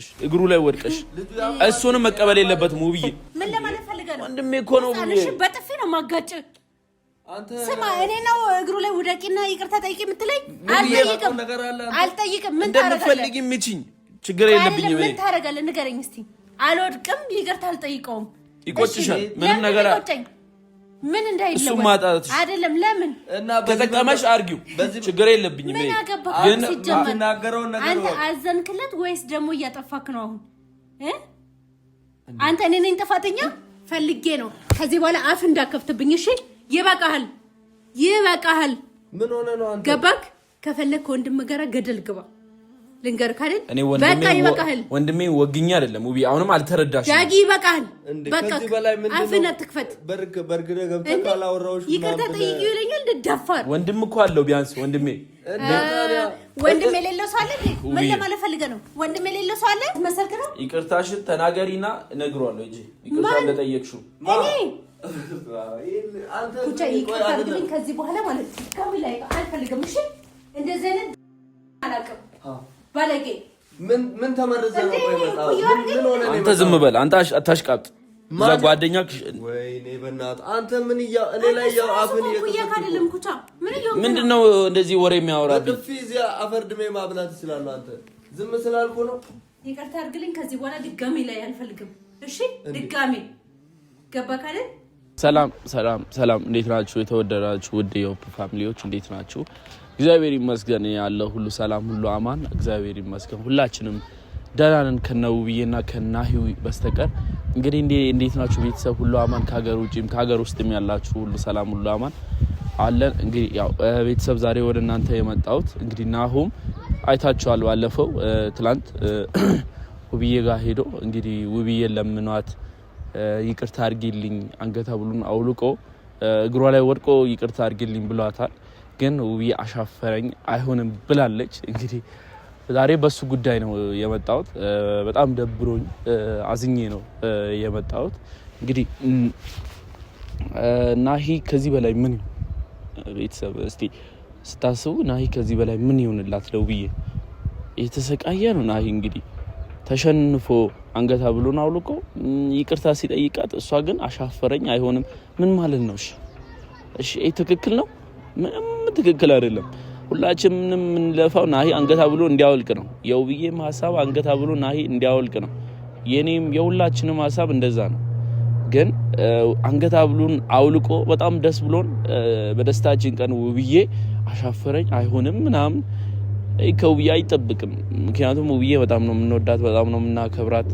አለብሽ፣ እግሩ ላይ ወድቀሽ እሱንም መቀበል የለበትም። ውብዬ ምን ለማለት ፈልገህ ነው? ወንድሜ እኮ ነው። በጥፊ ነው ማጋጭ። ስማ፣ እኔ ነው እግሩ ላይ ውደቂና ይቅርታ ጠይቂ የምትለኝ? አልጠይቅም፣ አልጠይቅም። ምን ታደርጋለህ? የምችኝ ችግር የለብኝ። ምን ታደርጋለህ? ንገረኝ እስኪ። አልወድቅም፣ ይቅርታ አልጠይቀውም። ይቆጭሻል? ምንም ነገር ምን እንዳይለወጥ አይደለም። ለምን እና ተጠቀመሽ አርጊው፣ ችግር የለብኝም። ምን አገባህ? ግን አንተ አዘንክለት ወይስ ደግሞ እያጠፋክ ነው? አሁን አንተ እኔ ነኝ ጥፋተኛ ፈልጌ ነው። ከዚህ በኋላ አፍ እንዳከፍትብኝ። እሺ፣ ይበቃሃል፣ ይበቃሃል። ምን ሆነ ነው? አንተ ገባክ? ከፈለግ ከወንድም ጋራ ገደል ግባ። ልንገር ካልን ወንድሜ ወግኛ አይደለም ውቢ፣ አሁንም አልተረዳሽም። ዳጊ ይበቃል፣ በቃ አፍህን ይቅርታ ጠይቂው ይለኛል። ደፋር ወንድም እኮ አለው ቢያንስ። ወንድሜ ወንድም የሌለው ሰው አለ። ምን ለማለት ፈልገህ ነው? ወንድም የሌለው ሰው አለ መሰልክ ነው? ይቅርታሽን ተናገሪና እነግሯለሁ እንጂ ይቅርታ እንደጠየቅሽው ከዚህ በኋላ ማለት ነው አልፈልግም። እሺ እንደዚህ አይነት አላውቅም ባለጌ ምን ምን ተመረዘ ነው የመጣው? ምን አንተ ዝም በል አንተ አታሽቃብጥ። እዛ ጓደኛህ አንተ ምን እኔ ላይ ያው ምንድን ነው እንደዚህ ወሬ የሚያወራብኝ? ማብላት ይችላል። አንተ ዝም ስላልኩ ነው። ይቅርታ አድርግልኝ። ከዚህ በኋላ ድጋሜ ላይ አልፈልግም። እሺ ድጋሜ ገባ ካለ ሰላም፣ ሰላም፣ ሰላም። እንዴት ናችሁ የተወደዳችሁ ውድ የሆፕ ፋሚሊዎች እንዴት ናችሁ? እግዚአብሔር ይመስገን ያለ ሁሉ ሰላም፣ ሁሉ አማን። እግዚአብሔር ይመስገን ሁላችንም ደህና ነን ከነውብዬና ከናሂው በስተቀር። እንግዲህ እንዴት ናችሁ ቤተሰብ? ሁሉ አማን ከሀገር ውጭም ከሀገር ውስጥም ያላችሁ ሁሉ ሰላም፣ ሁሉ አማን አለን። እንግዲህ ያው ቤተሰብ ዛሬ ወደ እናንተ የመጣሁት እንግዲህ ናሁም አይታችኋል። ባለፈው ትላንት ውብዬ ጋር ሄዶ እንግዲህ ውብዬ ለምኗት ይቅርታ አድርጊልኝ አንገታ ብሉን አውልቆ እግሯ ላይ ወድቆ ይቅርታ አድርጊልኝ ብሏታል። ግን ውብዬ አሻፈረኝ አይሆንም ብላለች። እንግዲህ ዛሬ በሱ ጉዳይ ነው የመጣሁት። በጣም ደብሮኝ አዝኜ ነው የመጣሁት። እንግዲህ ናሂ ከዚህ በላይ ምን ቤተሰብ እስቲ ስታስቡ ናሂ ከዚህ በላይ ምን ይሆንላት ለውብዬ? የተሰቃየ ነው ናሂ እንግዲህ ተሸንፎ አንገታ ብሎን አውልቆ ይቅርታ ሲጠይቃት እሷ ግን አሻፈረኝ አይሆንም። ምን ማለት ነው? እሺ እሺ፣ ትክክል ነው ምንም ትክክል አይደለም። ሁላችንም የምንለፋው ናሂ አንገታ ብሎ እንዲያወልቅ ነው። የውብዬም ሀሳብ አንገታ ብሎ ናሂ እንዲያወልቅ ነው። የኔም የሁላችንም ሀሳብ እንደዛ ነው። ግን አንገታ ብሎን አውልቆ በጣም ደስ ብሎን በደስታችን ቀን ውብዬ አሻፈረኝ አይሆንም ምናምን ከውብዬ አይጠብቅም። ምክንያቱም ውብዬ በጣም ነው የምንወዳት፣ በጣም ነው የምናከብራት።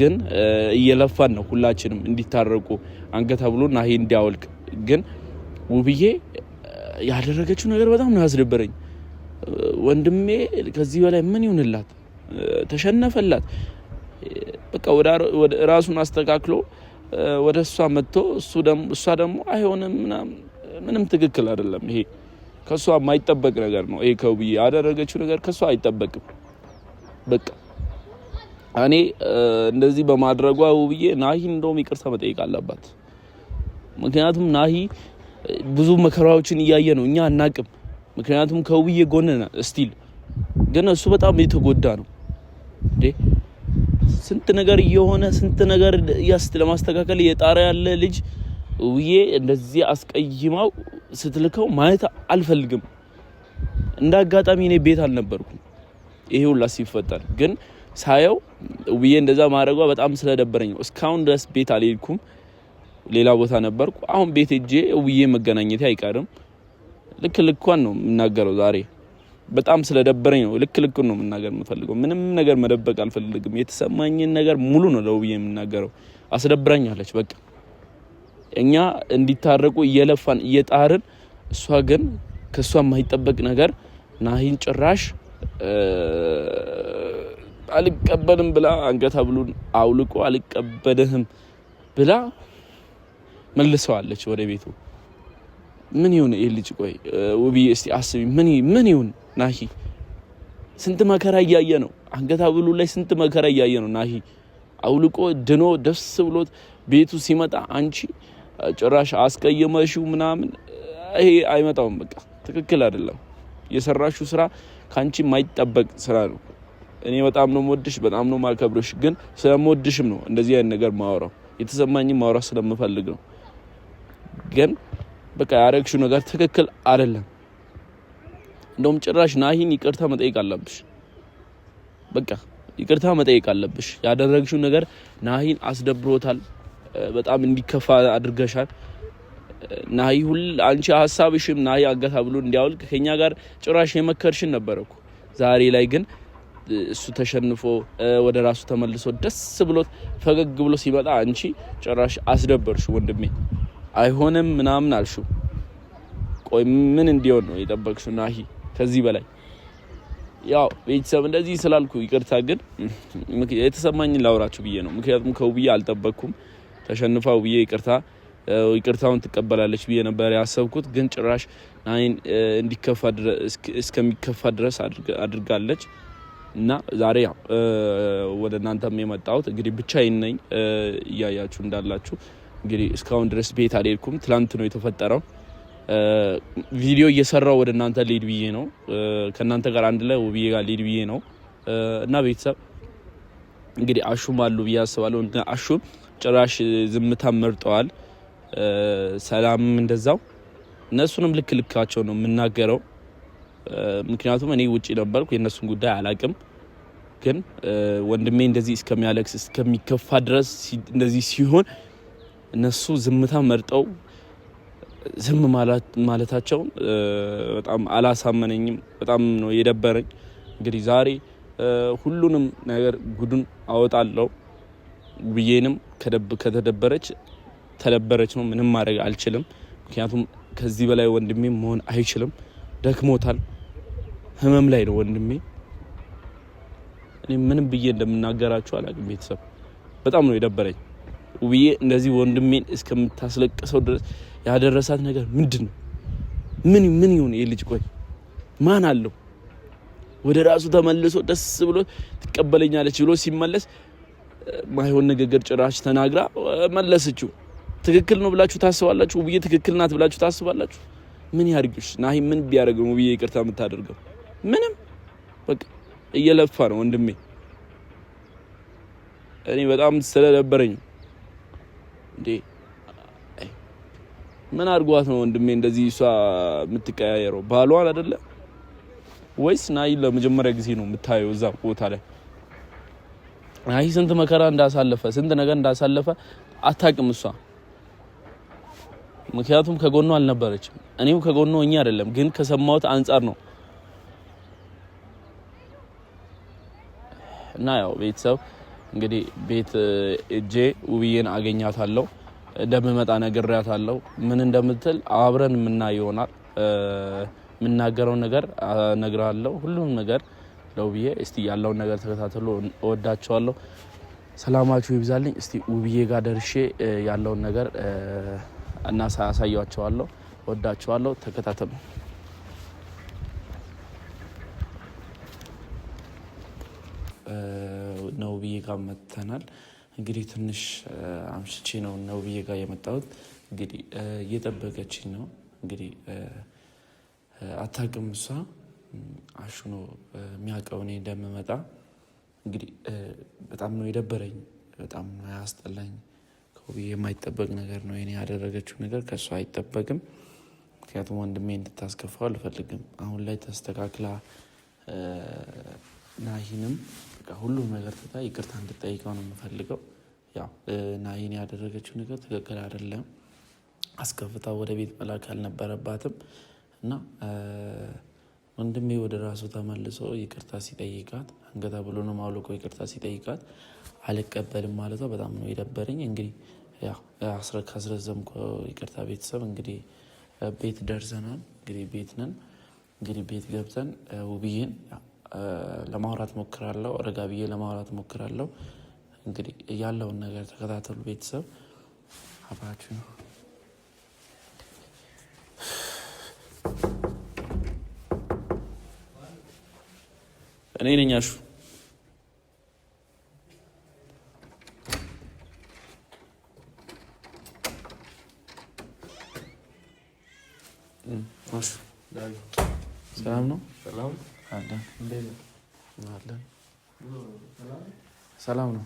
ግን እየለፋን ነው ሁላችንም እንዲታረቁ አንገታ ብሎ ናሂ እንዲያወልቅ ግን ውብዬ ያደረገችው ነገር በጣም ነው ያስደበረኝ። ወንድሜ ከዚህ በላይ ምን ይሁንላት? ተሸነፈላት። በቃ ራሱን አስተካክሎ ወደ እሷ መጥቶ እሷ ደግሞ አይሆንም ምንም ትክክል አይደለም። ይሄ ከእሷ የማይጠበቅ ነገር ነው። ይሄ ከውብዬ ያደረገችው ነገር ከእሷ አይጠበቅም። በቃ እኔ እንደዚህ በማድረጓ ውብዬ ናሂ እንደውም ይቅርታ መጠየቅ አለባት። ምክንያቱም ናሂ ብዙ መከራዎችን እያየ ነው። እኛ አናቅም፣ ምክንያቱም ከውብዬ ጎን ነን ስቲል። ግን እሱ በጣም የተጎዳ ነው እንዴ ስንት ነገር እየሆነ ስንት ነገር ያስ ለማስተካከል የጣረ ያለ ልጅ ውዬ እንደዚህ አስቀይማው ስትልከው ማየት አልፈልግም። እንደ አጋጣሚ እኔ ቤት አልነበርኩም ይሄ ሁላ ሲፈጠር፣ ግን ሳየው ውዬ እንደዛ ማድረጓ በጣም ስለደበረኝ እስካሁን ድረስ ቤት አልሄድኩም። ሌላ ቦታ ነበርኩ። አሁን ቤት እጄ ውዬ መገናኘት አይቀርም። ልክ ልኳን ነው የምናገረው። ዛሬ በጣም ስለደበረኝ ነው ልክ ልኩን ነው የምናገር የምፈልገው። ምንም ነገር መደበቅ አልፈልግም። የተሰማኝን ነገር ሙሉ ነው ለውዬ የምናገረው። አስደብረኛለች በቃ እኛ እንዲታረቁ እየለፋን እየጣርን፣ እሷ ግን ከእሷ የማይጠበቅ ነገር ናሂን ጭራሽ አልቀበልም ብላ አንገት ብሉን አውልቆ አልቀበልህም ብላ መልሰዋለች ወደ ቤቱ። ምን ይሁን ይህ ልጅ? ቆይ ውብዬ እስቲ አስቢ፣ ምን ይሁን ናሂ ስንት መከራ እያየ ነው። አንገት ሀብሉ ላይ ስንት መከራ እያየ ነው ናሂ አውልቆ ድኖ ደስ ብሎት ቤቱ ሲመጣ አንቺ ጭራሽ አስቀየመሽው ምናምን። ይሄ አይመጣውም። በቃ ትክክል አይደለም። የሰራሽው ስራ ከአንቺ የማይጠበቅ ስራ ነው። እኔ በጣም ነው የምወድሽ፣ በጣም ነው የማከብርሽ። ግን ስለምወድሽም ነው እንደዚህ አይነት ነገር ማወራው የተሰማኝ ማውራት ስለምፈልግ ነው። ግን በቃ ያረግሹ ነገር ትክክል አይደለም። እንደውም ጭራሽ ናሂን ይቅርታ መጠየቅ አለብሽ። በቃ ይቅርታ መጠየቅ አለብሽ። ያደረግሽው ነገር ናሂን አስደብሮታል። በጣም እንዲከፋ አድርገሻል። ናሂ ሁል አንቺ ሀሳብሽም ናሂ አጋታ ብሎ እንዲያወልቅ ከኛ ጋር ጭራሽ የመከርሽን ነበረኩ እኮ። ዛሬ ላይ ግን እሱ ተሸንፎ ወደ ራሱ ተመልሶ ደስ ብሎት ፈገግ ብሎ ሲመጣ አንቺ ጭራሽ አስደበርሽ ወንድሜ። አይሆንም ምናምን አልሽው። ቆይ ምን እንዲሆን ነው የጠበቅሽው? ናሂ ከዚህ በላይ ያው ቤተሰብ እንደዚህ ስላልኩ ይቅርታ፣ ግን የተሰማኝን ላውራችሁ ብዬ ነው። ምክንያቱም ከውብዬ አልጠበቅኩም። ተሸንፋ ውብዬ ይቅርታ ይቅርታውን ትቀበላለች ብዬ ነበር ያሰብኩት፣ ግን ጭራሽ ናሂን እስከሚከፋ ድረስ አድርጋለች። እና ዛሬ ያው ወደ እናንተም የመጣሁት እንግዲህ ብቻዬን ነኝ እያያችሁ እንዳላችሁ እንግዲህ እስካሁን ድረስ ቤት አልሄድኩም። ትላንት ነው የተፈጠረው። ቪዲዮ እየሰራው ወደ እናንተ ሊድ ብዬ ነው ከእናንተ ጋር አንድ ላይ ውብዬ ጋር ሊድ ብዬ ነው እና ቤተሰብ እንግዲህ አሹም አሉ ብዬ አስባለሁ። አሹም ጭራሽ ዝምታ መርጠዋል። ሰላምም እንደዛው እነሱንም ልክ ልካቸው ነው የምናገረው። ምክንያቱም እኔ ውጭ ነበርኩ፣ የእነሱን ጉዳይ አላቅም። ግን ወንድሜ እንደዚህ እስከሚያለቅስ እስከሚከፋ ድረስ እንደዚህ ሲሆን እነሱ ዝምታ መርጠው ዝም ማለታቸውን በጣም አላሳመነኝም። በጣም ነው የደበረኝ። እንግዲህ ዛሬ ሁሉንም ነገር ጉዱን አወጣለሁ ብዬንም ከተደበረች ተደበረች ነው። ምንም ማድረግ አልችልም። ምክንያቱም ከዚህ በላይ ወንድሜ መሆን አይችልም። ደክሞታል። ህመም ላይ ነው ወንድሜ። እኔ ምንም ብዬ እንደምናገራችሁ አላውቅም። ቤተሰብ በጣም ነው የደበረኝ። ውብዬ እንደዚህ ወንድሜን እስከምታስለቅሰው ድረስ ያደረሳት ነገር ምንድን ነው? ምን ምን ይሁን? ይህ ልጅ ቆይ ማን አለው? ወደ ራሱ ተመልሶ ደስ ብሎ ትቀበለኛለች ብሎ ሲመለስ ማይሆን ንግግር ጭራሽ ተናግራ መለሰችው። ትክክል ነው ብላችሁ ታስባላችሁ? ውብዬ ትክክል ናት ብላችሁ ታስባላችሁ? ምን ያርግሽ ናሂ? ምን ቢያደርግ ነው ውብዬ ይቅርታ የምታደርገው? ምንም በቃ እየለፋ ነው ወንድሜ። እኔ በጣም ስለደበረኝ እንዴ ምን አድርጓት ነው ወንድሜ እንደዚህ እሷ የምትቀያየረው? ባሏን አይደለም ወይስ ናይ ለመጀመሪያ ጊዜ ነው የምታየው እዛ ቦታ ላይ? አይ ስንት መከራ እንዳሳለፈ ስንት ነገር እንዳሳለፈ አታውቅም እሷ። ምክንያቱም ከጎኗ አልነበረችም። እኔም ከጎኑ እኛ አይደለም ግን ከሰማሁት አንጻር ነው እና ያው ቤተሰብ እንግዲህ ቤት እጄ ውብዬን አገኛታለሁ። እንደምመጣ ነግሬያታለሁ። ምን እንደምትል አብረን ምና ይሆናል የምናገረው ነገር እነግርሃለሁ። ሁሉም ነገር ለውብዬ እስቲ ያለውን ነገር ተከታተሉ። እወዳቸዋለሁ። ሰላማችሁ ይብዛልኝ። እስቲ ውብዬ ጋር ደርሼ ያለውን ነገር እና ሳያሳያቸዋለሁ። እወዳቸዋለሁ። ተከታተሉ። ነው ብዬ ጋር መጥተናል። እንግዲህ ትንሽ አምሽቼ ነው ነው ብዬ ጋር የመጣሁት። እንግዲህ እየጠበቀችኝ ነው። እንግዲህ አታውቅም እሷ አሹ ነው የሚያውቀው እኔ እንደምመጣ። እንግዲህ በጣም ነው የደበረኝ፣ በጣም ነው ያስጠላኝ። ከውብዬ የማይጠበቅ ነገር ነው የኔ ያደረገችው ነገር ከእሷ አይጠበቅም። ምክንያቱም ወንድሜ እንድታስከፋው አልፈልግም። አሁን ላይ ተስተካክላ ናሂንም በቃ ሁሉም ነገር ትታ ይቅርታ እንድጠይቀው ነው የምፈልገው። ያው እና ይህን ያደረገችው ነገር ትክክል አይደለም። አስከፍታ ወደ ቤት መላክ አልነበረባትም እና ወንድሜ ወደ ራሱ ተመልሶ ይቅርታ ሲጠይቃት አንገታ ብሎ ነው ማውልቆ ይቅርታ ሲጠይቃት አልቀበልም ማለቷ በጣም ነው የደበረኝ። እንግዲህ ካስረዘምኮ ይቅርታ ቤተሰብ እንግዲህ ቤት ደርሰናል። እንግዲህ ቤት ነን። እንግዲህ ቤት ገብተን ውብዬን ለማውራት ሞክራለሁ። ረጋ ብዬ ለማውራት ሞክራለሁ። እንግዲህ ያለውን ነገር ተከታተሉ። ቤተሰብ አብራችሁ ነው። እኔ ነኝ አሹ ሰላም ነው።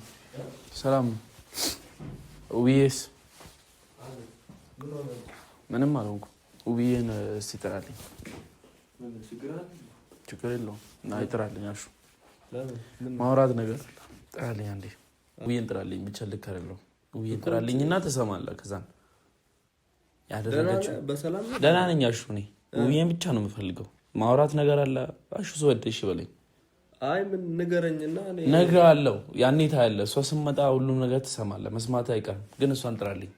ሰላም ነው። ውብዬስ? ምንም አልሆንኩም። ውብዬን እስኪ ጥራልኝ። ችግር የለውም። ይጥራልኝ። አሹ ማውራት ነገር ጥራልኝ። አንዴ ውብዬን ጥራልኝ ብቻ። ልክ አይደለሁም። ውብዬን ጥራልኝ እና ትሰማለህ። ከዛን ያደረገችው ደህና ነኝ። አሹ እኔ ውብዬን ብቻ ነው የምፈልገው። ማውራት ነገር አለ። አሹ ስወደሽ በለኝ አይ ምን ንገረኝና ነገ አለው ያኔ ታያለህ። እሷ ስመጣ ሁሉም ነገር ትሰማለህ። መስማት አይቀርም ግን እሷን ጥራልኝ።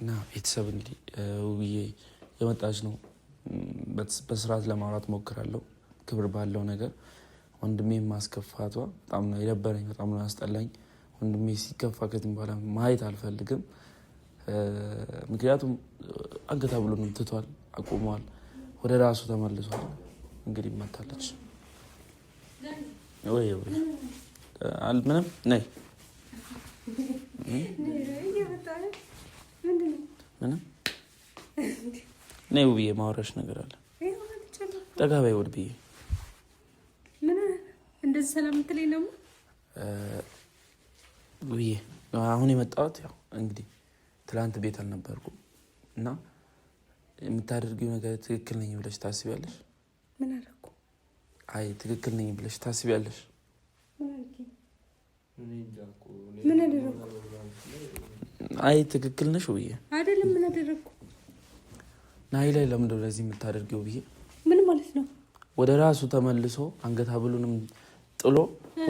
እና ቤተሰብ እንግዲህ ውብዬ የመጣች ነው። በስርዓት ለማውራት ሞክራለሁ፣ ክብር ባለው ነገር። ወንድሜ ማስከፋቷ በጣም ነው የደበረኝ፣ በጣም ነው ያስጠላኝ። ወንድሜ ሲከፋ ከዚህም በኋላ ማየት አልፈልግም። ምክንያቱም አገታ ብሎ ነው ትቷል፣ አቁመዋል፣ ወደ ራሱ ተመልሷል። እንግዲህ ይመታለች ወይ ምንም ነይ ምንም ነይ ውብዬ ማውራሽ ነገር አለ። ጠጋ በይ ወድ ብዬ ምን እንደዚህ ሰላም የምትለኝ ደግሞ ውብዬ አሁን የመጣሁት ያው እንግዲህ ትላንት ቤት አልነበርኩም እና የምታደርጊው ነገር ትክክል ነኝ ብለሽ ታስቢያለሽ? ምን አደረኩ? አይ ትክክል ነኝ ብለሽ ታስቢያለሽ? ምን አደረኩ? አይ ትክክል ነሽ ብዬ አይደለም። ምን አደረኩ? ናይ ላይ ለምንድን ለዚህ የምታደርጊው ብዬ ምን ማለት ነው? ወደ ራሱ ተመልሶ አንገታ ብሉንም ጥሎ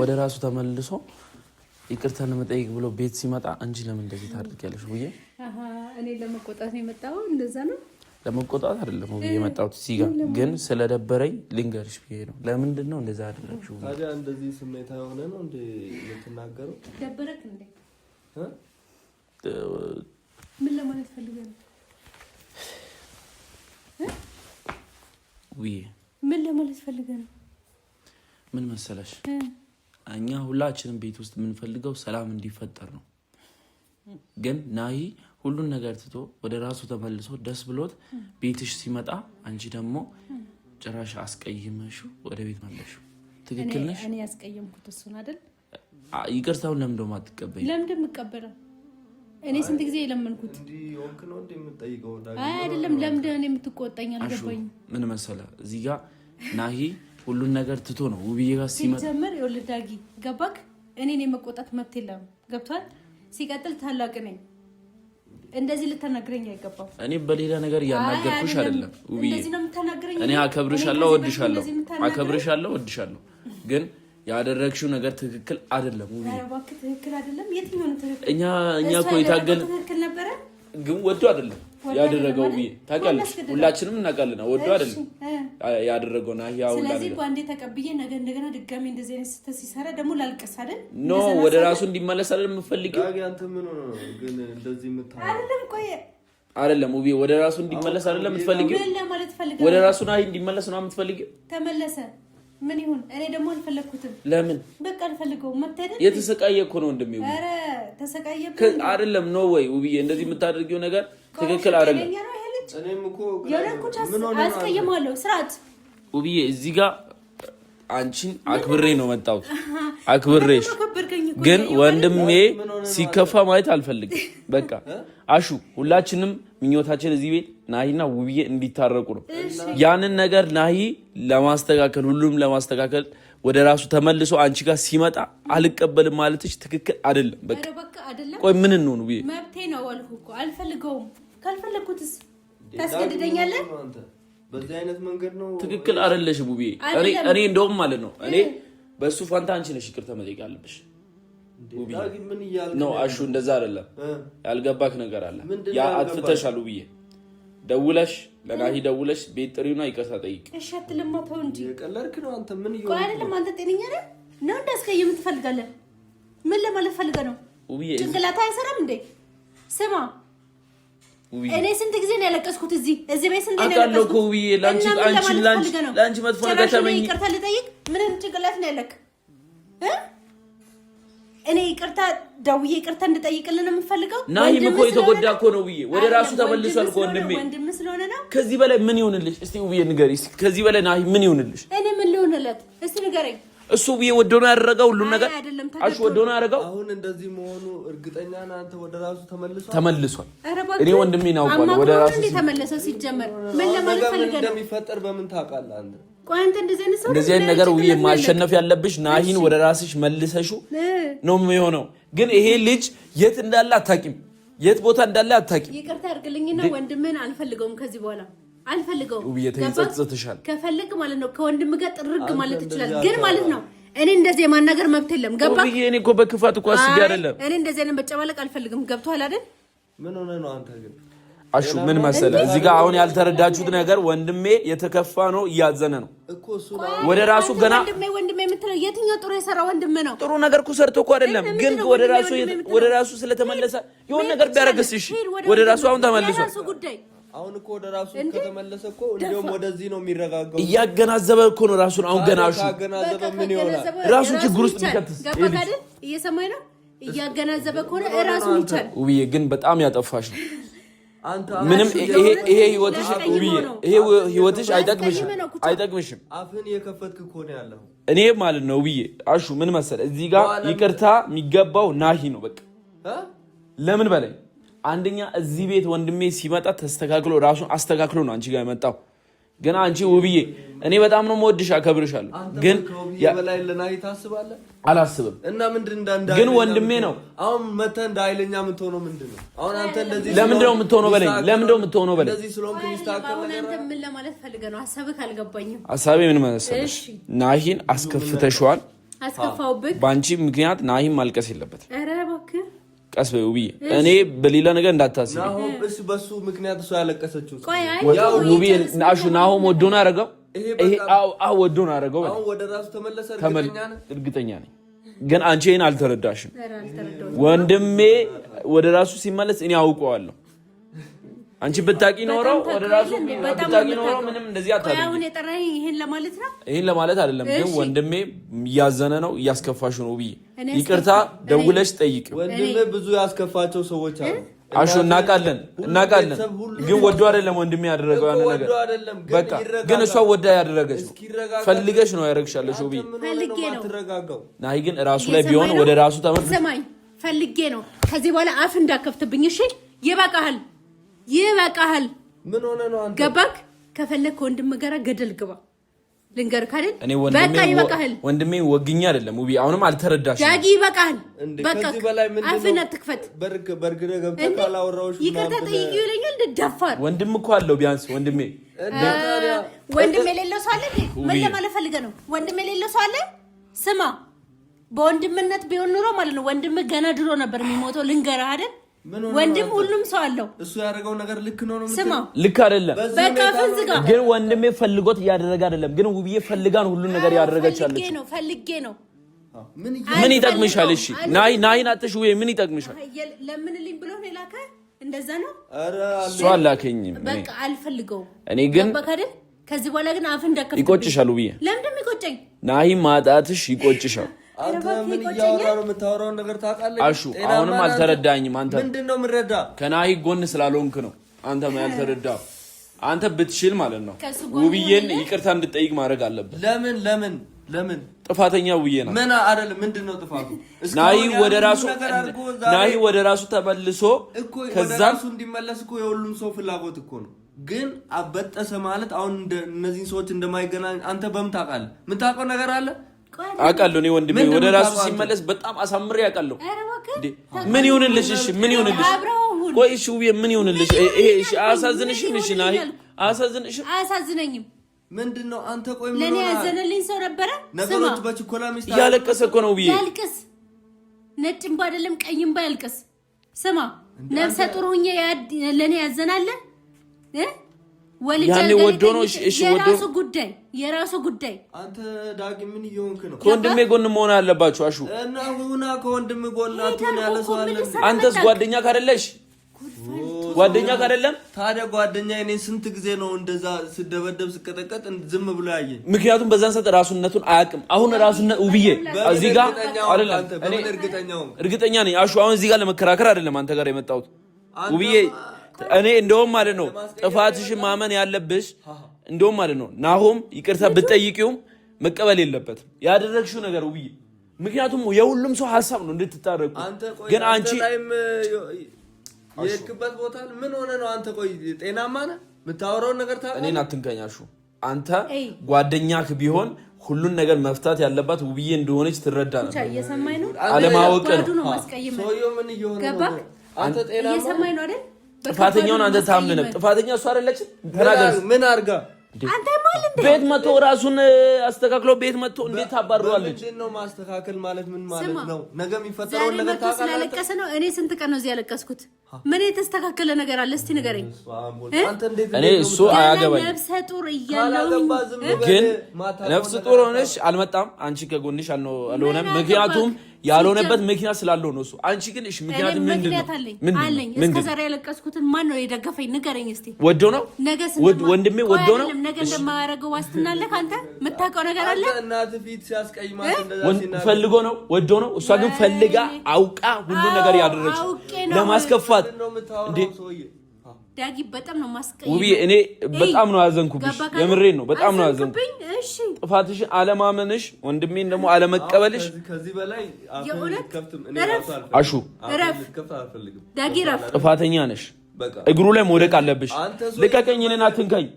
ወደ ራሱ ተመልሶ ይቅርታ ለመጠየቅ ብሎ ቤት ሲመጣ እንጂ ለምን እንደዚህ ታደርጊያለሽ ብዬ እኔ ለመቆጣት ነው የመጣው። እንደዛ ነው ለመቆጣት አይደለም ብዬ የመጣሁት እዚህ ጋር ግን ስለደበረኝ ልንገርሽ ብዬ ነው። ለምንድን ነው እንደዛ አደረግሽ? ታዲያ እንደዚህ ስሜታ የሆነ ነው እንደ የምትናገረው ደበረክ እንዴ? ምን ለማለት ፈልገህ ነው? ምን ለማለት ፈልገህ ነው? ምን መሰለሽ እኛ ሁላችንም ቤት ውስጥ የምንፈልገው ሰላም እንዲፈጠር ነው። ግን ናሂ ሁሉን ነገር ትቶ ወደ ራሱ ተመልሶ ደስ ብሎት ቤትሽ ሲመጣ አንቺ ደግሞ ጭራሽ አስቀይመሽ ወደ ቤት መለሽ። ትክክል ነሽ። እኔ ያስቀየምኩት እሱን አይደል? ይቅርታውን ለምን ደሞ አትቀበይ? ለምን የምቀበለው እኔ ስንት ጊዜ የለመንኩት አይደለም። ለምንድን ነው የምትቆጣኝ? አልገባኝም። ምን መሰለ እዚህ ጋር ናሂ ሁሉን ነገር ትቶ ነው ውብዬ ጋር ሲመጣ ሲጀምር የወለዳጊ ገባክ። እኔን የመቆጣት መብት የለም ገብቷል። ሲቀጥል ታላቅ ነኝ፣ እንደዚህ ልታናግረኝ አይገባም። እኔ በሌላ ነገር እያናገርኩሽ አይደለም ውብዬ። እኔ አከብርሻለሁ፣ እወድሻለሁ፣ አከብርሻለሁ፣ እወድሻለሁ ግን ያደረግሽው ነገር ትክክል አይደለም ውብዬ። ትክክል አይደለም። የትኛውን ትክክል እኛ እኛ እኮ የታገል ግን ወዱ አይደለም ያደረገው ታውቂያለሽ፣ ሁላችንም እናውቃለን። ወዶ አይደለም ያደረገው ና ያው ስለዚህ ባንዴ ተቀብዬ ነገ እንደገና ድጋሚ እንደዚህ አይነት ስህተት ሲሰራ ደግሞ ላልቀስ አይደል? ኖ ወደ ራሱ እንዲመለስ አይደል የምፈልገው። አይደለም ውቤ፣ ወደ ራሱ እንዲመለስ አይደለም የምትፈልጊው? ወደ ራሱ ና እንዲመለስ ነው የምትፈልጊው? ተመለሰ ምን ይሁን? እኔ ደግሞ አልፈለግኩትም። ለምን በቃ አልፈልገውም። መታደል የተሰቃየ እኮ ነው እንደሚሆን አይደለም። ኖ ወይ ውብዬ፣ እንደዚህ የምታደርጊው ነገር ትክክል አይደለም አስቀይማለሁ። ስርዓት ውብዬ፣ እዚህ ጋር አንቺን አክብሬ ነው መጣሁት፣ አክብሬሽ ግን ወንድሜ ሲከፋ ማየት አልፈልግም። በቃ አሹ፣ ሁላችንም ምኞታችን እዚህ ቤት ናሂና ውብዬ እንዲታረቁ ነው። ያንን ነገር ናሂ ለማስተካከል ሁሉም ለማስተካከል ወደ ራሱ ተመልሶ አንቺ ጋር ሲመጣ አልቀበልም ማለትሽ ትክክል አይደለም። በቃ ቆይ ምን እንሆኑ ብዬ መብቴ ነው አልኩ እኮ አልፈልገውም ካልፈለግኩትስ ታስገድደኛለህ? በዚህ አይነት መንገድ ነው ትክክል አይደለሽ ቡቢ። እኔ እንደውም ማለት ነው እኔ በእሱ ፋንታ አንቺ ነሽ ይቅርታ መጠየቅ አለብሽ። ነው አሹ፣ እንደዛ አይደለም። ያልገባክ ነገር አለ። ያ አጥፍተሻል ብዬ ደውለሽ ለናሂ ደውለሽ ቤት ጥሪውና ይቅርታ ጠይቅ። እሺ አትልማ፣ ተው እንጂ የቀለድክ ነው አንተ። ምን ይሆን አይደለም። አንተ ጤነኛ ነህ ነው እንዳስቀይም ትፈልጋለህ? ምን ለማለት ፈልገህ ነው? ጭንቅላት አይሰራም እንዴ? ስማ እኔ ስንት ጊዜ ነው ያለቀስኩት? እዚህ እዚህ ቤት ስንት ነው ያለቀስኩት? ውብዬ ለአንቺ መጥፎ ነገር ተመኝ። ይቅርታ ልጠይቅ ምንም ጭንቅላት ነው እኔ ይቅርታ ደውዬ ይቅርታ እንድጠይቅልን የምፈልገው ናሂም እኮ የተጎዳ እኮ ነው ብዬ ወደ ራሱ ተመልሷል እኮ ወንድሜ፣ ወንድም ስለሆነ ነው። ከዚህ በላይ ምን ይሆንልሽ? እስቲ ውብዬ ንገሪ። ከዚህ በላይ ናሂ ምን ይሁንልሽ? እኔ ምን ልሆንለት? እስቲ ንገረኝ። እሱ ብዬ ወደሆነ ያደረገው ሁሉም ነገር አሹ ወደሆነ ያደረገው። አሁን እንደዚህ መሆኑ እርግጠኛ ነህ አንተ? ወደ ራሱ ተመልሷል ተመልሷል። እኔ ወንድሜ ናውቀዋለሁ ወደ ራሱ ተመለሰ። ሲጀመር ምን ለማለት ፈልገህ ነው? እንደሚፈጠር በምን ታውቃለህ አንተ? እንደዚህ አይነት ነገር ውዬ ማሸነፍ ያለብሽ ናሂን ወደ ራስሽ መልሰሹ ነው የሆነው። ግን ይሄ ልጅ የት እንዳለ አታውቂም፣ የት ቦታ እንዳለ አታውቂም። ይቅርታ አድርግልኝና ወንድምህን አልፈልገውም ከዚህ በኋላ አልፈልገውም። ከፈለግ ማለት ነው ከወንድም ጋር ጥርግ ማለት ይችላል። ግን ማለት ነው እኔ እንደዚህ የማናገር መብት የለም። ገባ? እኔ እኮ በክፋት እኮ አስቤ አይደለም። እኔ እንደዚህ አይነት መጨማለቅ አልፈልግም። ገብቶሃል አይደል? ምን ሆነ ነው አንተ ግን አሹ ምን መሰለ፣ እዚህ ጋር አሁን ያልተረዳችሁት ነገር ወንድሜ የተከፋ ነው፣ እያዘነ ነው ወደ ራሱ ገና ወንድሜ ወንድሜ የምትለው የትኛው ጥሩ የሰራ ወንድሜ ነው? ጥሩ ነገር እኮ ሰርቶ እኮ አይደለም፣ ግን ወደ ራሱ ወደ ራሱ ስለተመለሰ የሆነ ነገር ቢያደርግስ? እሺ ወደ ራሱ አሁን ተመልሶ አሁን እኮ ወደ ራሱ ከተመለሰ እኮ እንደውም ወደዚህ ነው የሚረጋጋው። እያገናዘበ እኮ ነው ራሱን። አሁን ገና እሱ ካገናዘበ ምን ይሆናል? ራሱን ችግር ውስጥ የሚከትስ እየሰማኝ ነው። እያገናዘበ ከሆነ ራሱ ይቻል። ውብዬ ግን በጣም ያጠፋሽ ነው። ምንም ይሄ ህይወትሽ ውብዬ፣ ይሄ ህይወትሽ አይጠቅምሽም፣ አይጠቅምሽም። አፍህን የከፈትክ እኮ ነው ያለው። እኔ ማለት ነው ውብዬ፣ አሹ ምን መሰለ፣ እዚህ ጋር ይቅርታ የሚገባው ናሂ ነው። በቃ ለምን በላይ አንደኛ እዚህ ቤት ወንድሜ ሲመጣ ተስተካክሎ ራሱን አስተካክሎ ነው አንቺ ጋር የመጣው። ግን አንቺ ውብዬ እኔ በጣም ነው የምወድሽ፣ አከብርሻለሁ። ግን አላስብም እና ግን ወንድሜ ነው። አሁን መተ እንደ ኃይለኛ የምትሆነው ምንድን ነው? አሁን አንተ እንደዚህ ለምንድን ነው የምትሆነው በለኝ። ለምንድን ነው የምትሆነው በለኝ። ምን ለማለት ፈልገህ ነው? ሀሳብህ አልገባኝም። ሀሳቤ ምን መሰለሽ? ናሂን አስከፍተሽዋል። አስከፋውበት። በአንቺ ምክንያት ናሂን ማልቀስ የለበትም። ኧረ እባክህ ቀስ በይ ውብዬ፣ እኔ በሌላ ነገር እንዳታስቢ። እሱ በሱ ምክንያት እሱ ያለቀሰችው ውብዬ፣ አሹ ናሆም ወዶ ነው ያደረገው። አዎ ወዶ ነው ያደረገው። ወደ ራሱ ተመለሰ። እርግጠኛ ነኝ፣ ግን አንቺ ይህን አልተረዳሽም። ወንድሜ ወደ ራሱ ሲመለስ እኔ አውቀዋለሁ። አንቺ ብታቂ ኖሮ ወደ ራሱ ብታቂ ኖሮ ምንም እንደዚህ አታደርጊ። አሁን የጠራኝ ይሄን ለማለት ነው። ይሄን ለማለት አይደለም፣ ግን ወንድሜ እያዘነ ነው እያስከፋሽ ነው ብዬ ይቅርታ ደውለሽ ጠይቅ። ወንድሜ ብዙ ያስከፋቸው ሰዎች አሉ አሹ እናቃለን እናቃለን፣ ግን ወዶ አይደለም ወንድሜ ያደረገው ያለ ነገር። በቃ ግን እሷ ወዳ ያደረገች ነው፣ ፈልገሽ ነው ያደረግሻለሽ ብዬ ናይ። ግን ራሱ ላይ ቢሆን ወደ ራሱ ተመ ፈልጌ ነው። ከዚህ በኋላ አፍ እንዳከፍትብኝ እሺ፣ ይበቃሃል። ይበቃሃል። ምን ሆነ ነው አንተ? ገባክ? ከፈለክ ወንድም ጋራ ገደል ግባ። ልንገርህ አይደል? ወንድሜ ይበቃሃል። ወንድሜ ወግኛ አይደለም ውቢ፣ አሁንም አልተረዳሽም። ዳጊ ይበቃሃል። በቃ አፍህን አትክፈት። በርግ በርግ ነገር ካላወራሁሽ ይቅርታ ጠይቂው ይለኛል። እንደ ደፋር ወንድም እኮ አለው ቢያንስ ወንድሜ ወንድም የሌለው ሰው አለ። ምን ለማለት ፈልገህ ነው? ወንድም የሌለው ሰው አለ። ስማ፣ በወንድምነት ቢሆን ኑሮ ማለት ነው ወንድም ገና ድሮ ነበር የሚሞተው። ልንገርህ አይደል ወንድም ሁሉም ሰው አለው። እሱ ያደረገው ነገር ልክ ነው ነው ስማው፣ ልክ አይደለም። በካፍን ዝጋ። ግን ወንድሜ ፈልጎት እያደረገ አይደለም። ግን ውብዬ ፈልጋን ሁሉን ነገር ያደረገቻለች። ፈልጌ ነው። ምን ይጠቅምሻል? እሺ ናይ ናይ ናጥሽ ወይ ምን ይጠቅምሻል? ለምንልኝ ብሎ ነው ላከ። እንደዛ ነው። እሱ አላከኝም። በቃ አልፈልገውም። እኔ ግን ከዚህ በኋላ ግን አፍን እንዳከፍ ይቆጭሻል። ውብዬ ለምንድን ነው የሚቆጨኝ? ናይ ማጣትሽ ይቆጭሻል። አንተ ምን እያወራ ነው? የምታወራውን ነገር ታውቃለህ? አሹ አሁንም አልተረዳኝም። አንተ ምንድን ነው የምንረዳ? ከናሂ ጎን ስላልሆንክ ነው አንተ ያልተረዳው። አንተ ብትችል ማለት ነው ውብዬን ይቅርታ እንድጠይቅ ማድረግ አለበት ለምን ለምን ለምን ጥፋተኛ ውዬ ነው? ምን አይደለም። ምንድን ነው ጥፋቱ? ናሂ ወደ ራሱ ናሂ ወደ ራሱ ተመልሶ ወደ ራሱ እንዲመለስ እኮ የሁሉም ሰው ፍላጎት እኮ ነው። ግን አበጠሰ ማለት አሁን እነዚህን ሰዎች እንደማይገናኝ አንተ በምን ታውቃለህ? የምታውቀው ነገር አለ አውቃለሁ እኔ ወንድሜ ወደ ራሱ ሲመለስ በጣም አሳምሬ አውቃለሁ። ምን ይሁንልሽ? እሺ ምን ይሁንልሽ? ቆይ እሺ ውብዬ ምን ይሁንልሽ? ይሄ እሺ አያሳዝንሽም? እሺ ና አያሳዝንሽም? አያሳዝነኝም። ምንድን ነው አንተ? ቆይ ምን ለኔ ያዘነልኝ ሰው ነበረ። ነገሮች በችኮላ ሚስት እያለቀሰ እኮ ነው ውብዬ። ያልቅስ፣ ነጭ እምባ አይደለም ቀይ እምባ ስማ ነፍሰ ጡር ሁኜ ለኔ እ ያኔ ወዶ ነው። እሺ የራሱ ጉዳይ የራሱ ጉዳይ። አንተ ዳግም ምን እየሆንክ ነው? ከወንድሜ ጎን መሆን አለባችሁ። አሹ እና ሁና ከወንድም ጎን አትሆን ያለ ሰው አለ። አንተስ ጓደኛ ካደለሽ ጓደኛ ካደለም ታዲያ ጓደኛ እኔ ስንት ጊዜ ነው እንደዛ ስደበደብ ስቀጠቀጥ ዝም ብሎ ያየኝ። ምክንያቱም በዛን ሰጥ ራሱነቱን አያውቅም። አሁን ራሱነት ውብዬ እዚህ ጋር አይደለም እርግጠኛ ነኝ አሹ። አሁን እዚህ ጋር ለመከራከር አይደለም አንተ ጋር የመጣሁት ውብዬ እኔ እንደውም ማለት ነው ጥፋትሽ ማመን ያለብሽ እንደውም ማለት ነው ናሆም ይቅርታ ብትጠይቂውም መቀበል የለበትም ያደረግሽው ነገር ውይ ምክንያቱም የሁሉም ሰው ሀሳብ ነው እንድትታረቁ ግን አንቺ የሄድክበት ቦታ ምን ሆነ ነው አንተ ቆይ ጤናማ ነህ የምታወራውን ነገር ታውቃለህ እኔን አትንቀኛሹ አንተ ጓደኛህ ቢሆን ሁሉን ነገር መፍታት ያለባት ውብዬ እንደሆነች ትረዳ ነበር አለማወቅ ነው ሰውዬው ምን እየሆነ ነው አንተ ጤናማ ጥፋተኛውን አንተ ታምንም ጥፋተኛ እሱ አይደለችም። ምን አርጋ ቤት መቶ ራሱን አስተካክሎ ቤት መቶ እንዴት አባረዋለች? ነው ማስተካከል ማለት ምን ማለት ነው? ነገ የሚፈጠረው ነገር ስላለቀሰ ነው። እኔ ስንት ቀን ነው እዚህ ያለቀስኩት? ምን የተስተካከለ ነገር አለ? እስቲ ንገረኝ። እኔ እሱ አያገባኝ። ነፍሰ ጡር እያለሁኝ ግን ነፍስ ጡር ሆነሽ አልመጣም። አንቺ ከጎንሽ አልሆነም። ምክንያቱም ያልሆነበት መኪና ስላለው ነው እሱ። አንቺ ግን እሺ፣ ምክንያት ምንድን ነው? አለኝ እስከ ዛሬ ያለቀስኩትን ማን ነው የደገፈኝ? ንገረኝ እስቲ። ወዶ ነው ወንድሜ፣ ወዶ ነው። ነገ እንደማያደርገው ዋስትና አለ? አንተ የምታውቀው ነገር አለ? ፈልጎ ነው ወዶ ነው። እሷ ግን ፈልጋ አውቃ ሁሉ ነገር ያደረገችው ለማስከፋት ዳጊ በጣም ነው ማስቀየም። ውብዬ እኔ በጣም ነው ያዘንኩብሽ፣ የምሬ ነው በጣም ነው ያዘንኩብኝ። እሺ ጥፋትሽን አለማመንሽ፣ ወንድሜን ደግሞ አለመቀበልሽ ከዚህ በላይ አሹ ዳጊ ረፍ ጥፋተኛ ነሽ። እግሩ ላይ መውደቅ አለብሽ። ልቀቀኝ፣ እኔን አትንካኝ።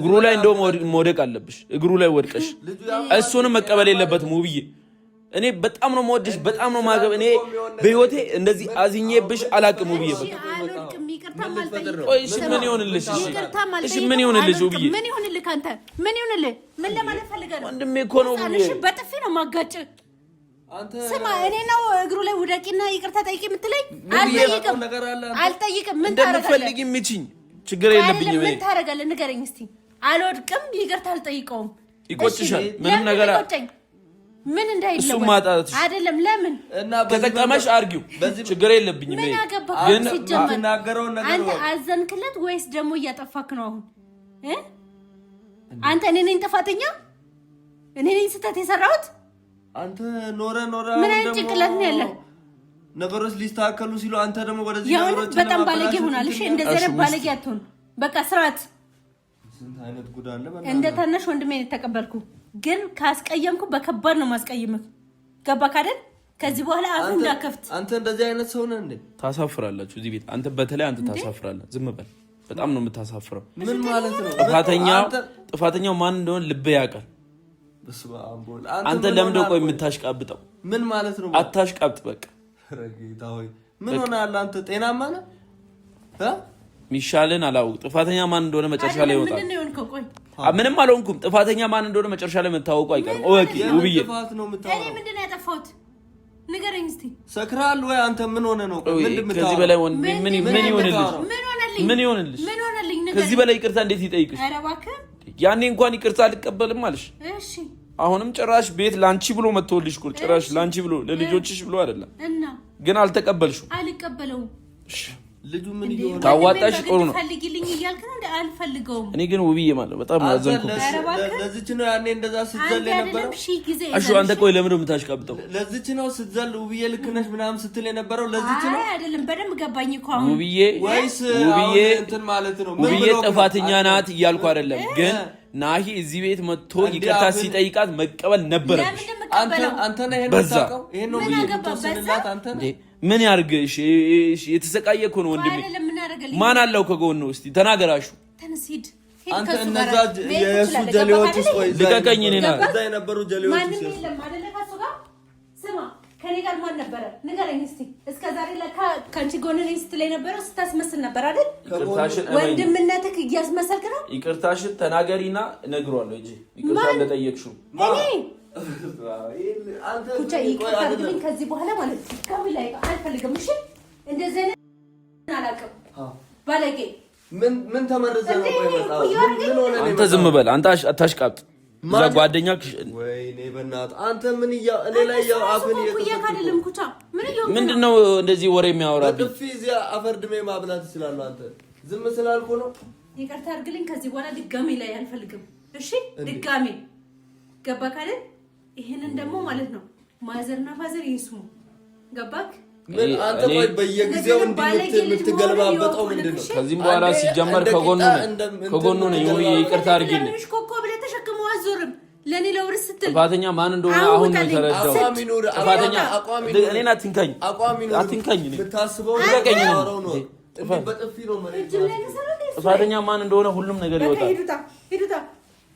እግሩ ላይ እንደው መውደቅ አለብሽ። እግሩ ላይ ወድቀሽ እሱንም መቀበል የለበትም ውብዬ እኔ በጣም ነው መወድሽ፣ በጣም ነው ማገብ። እኔ በህይወቴ እንደዚህ አዝኜብሽ አላቅም ውብዬ በቃ ምን ይሆንልሽ? እሺ ምን ይሆንልሽ? ውብዬ አንተ ምን ይሆንልህ? ምን ለማለት ፈልገህ ነው? ወንድሜ እኮ ነው። በጥፊ ነው ማጋጭ ስማ እኔ ነው እግሩ ላይ ውደቂና ይቅርታ ጠይቂ የምትለኝ? አልጠይቅም፣ አልጠይቅም። ምን ታደርጋለህ? ምችኝ ችግር የለብኝም። ምን ታደርጋለህ? ንገረኝ እስቲ። አልወድቅም፣ ይቅርታ አልጠይቀውም። ይቆጭሻል? ምንም ነገር ምን እንዳይለወጥ አይደለም። ለምን እና ተጠቀመሽ አርጊው፣ ችግር የለብኝም። ምን አገባህ ግን የምትናገረውን ነገር አንተ አዘንክለት ወይስ ደግሞ እያጠፋክ ነው? አሁን አንተ እኔ ነኝ ጥፋተኛ፣ እኔ ነኝ ስህተት የሰራሁት። አንተ ኖረ ኖረ ምን አይነት ጭንቅላት ነው ያለህ? ነገሮች ሊስተካከሉ ሲሉ አንተ ደግሞ ወደዚህ ነገሮች በጣም ባለጌ ሆናል። እሺ እንደዚህ ባለጌ አትሆን። በቃ ስርዓት እንደ ታናሽ ወንድሜ ነው የተቀበልኩ፣ ግን ካስቀየምኩ በከባድ ነው ማስቀየምኩ። ገባ ካደል ከዚህ በኋላ አፍ እንዳከፍት። አንተ እንደዚህ አይነት ሰው ነህ እንዴ? ታሳፍራላችሁ እዚህ ቤት። አንተ በተለይ አንተ ታሳፍራለህ። ዝም በል። በጣም ነው የምታሳፍረው። ምን ማለት ነው? ጥፋተኛው ጥፋተኛው ማን እንደሆነ ልብ ያውቃል። አንተ ለምዶ ቆይ የምታሽቃብጠው ምን ማለት ነው? አታሽቃብጥ። በቃ ምን ሆነ? አለ አንተ ጤናማ ነህ? ሚሻልን አላውቅ። ጥፋተኛ ማን እንደሆነ መጨረሻ ላይ ይወጣል። ምንም አልሆንኩም። ጥፋተኛ ማን እንደሆነ መጨረሻ ላይ መታወቁ አይቀርም። ኦኬ ውብዬ፣ ሰክራል ወይ አንተ? ምን ሆነ ነው? ከዚህ በላይ ምን ይሆንልሽ? ምን ይሆንልሽ? ከዚህ በላይ ይቅርታ እንዴት ይጠይቅሽ? ያኔ እንኳን ይቅርታ አልቀበልም አልሽ። አሁንም ጭራሽ ቤት ላንቺ ብሎ መጥቶልሽ ጭራሽ ላንቺ ብሎ ለልጆችሽ ብሎ አይደለም፣ ግን አልተቀበልሽም። አልቀበለውም ልጁ ምን ይሆን ካዋጣሽ ጥሩ ነው። ፈልጊልኝ እያልክ ነው እንዴ? አልፈልገውም። እኔ ግን ውብዬ ማለት በጣም ያዘንኩት ለዚች ነው። ያኔ እንደዛ ስትዘል የነበረው እሺ፣ አንተ ቆይ፣ ለምን ነው የምታሽቃብጠው? ለዚች ነው ስትዘል ውብዬ ልክ ነሽ ምናምን ስትል የነበረው ለዚች ነው። አይ አይደለም፣ በደንብ ገባኝ እኮ አሁን። ውብዬ ወይስ ውብዬ እንትን ማለት ነው። ውብዬ ጥፋተኛ ናት እያልኩ አይደለም ግን ናሂ እዚህ ቤት መጥቶ ይቅርታ ሲጠይቃት መቀበል ነበረብሽ አንተ አንተ ነህ ይሄን ነው አንተ ነህ ምን ያርግ? የተሰቃየ እኮ ነው ወንድሜ። ማን አለው ከጎኑ? እስቲ ተናገራሹ። አንተ እነዛ የእሱ ጀሌዎች ውስጥ ቆይ፣ ልቀቀኝ። እኔ ና እዛ የነበሩ ጀሌዎች ውስጥ ከኔ ጋር ማን ነበረ? ንገረኝ እስቲ። እስከ ዛሬ ለካ ከአንቺ ጎን ነኝ ስትለኝ ነበረው ስታስመስል ነበር አይደል? ወንድምነትህ እያስመሰልክ ነው። ይቅርታሽን ተናገሪና እነግሯለሁ እንጂ ይቅርታ እንደጠየቅሽው ብቻ ከዚህ በኋላ ማለት ድጋሚ ላይ አልፈልግም። እሺ እንደዚህ አይነት አላውቅም። ባለጌ ምን ተመረዘ ነው? አንተ ዝም በል አንተ አታሽቃብጥ። እዛ ጓደኛ ምንድን ነው እንደዚህ ወሬ የሚያወራብኝ? ማብላት እችላለሁ። አንተ ከዚህ በኋላ ድጋሜ ላይ አልፈልግም። እሺ ድጋሚ ገባ ካለ ይሄንን ደግሞ ማለት ነው ማዘርና ፋዘር ይስሙ። ገባክ? ምን አንተ በየጊዜው እንዴት የምትገለባበጠው ምንድን ነው? ከዚህም በኋላ ሲጀመር ከጎኑ ነው ከጎኑ ነው። ይሁን ይቅርታ አድርጊልኝ ኮኮ ብለህ ተሸክመው አዞርም ለኔ ለውርስ ስትል ጥፋተኛ ማን እንደሆነ አሁን ነው የተረዳው። ጥፋተኛ እኔን አትንካኝ፣ አትንካኝ፣ ልቀቀኝ ነው ጥፋተኛ ማን እንደሆነ ሁሉም ነገር ይወጣል።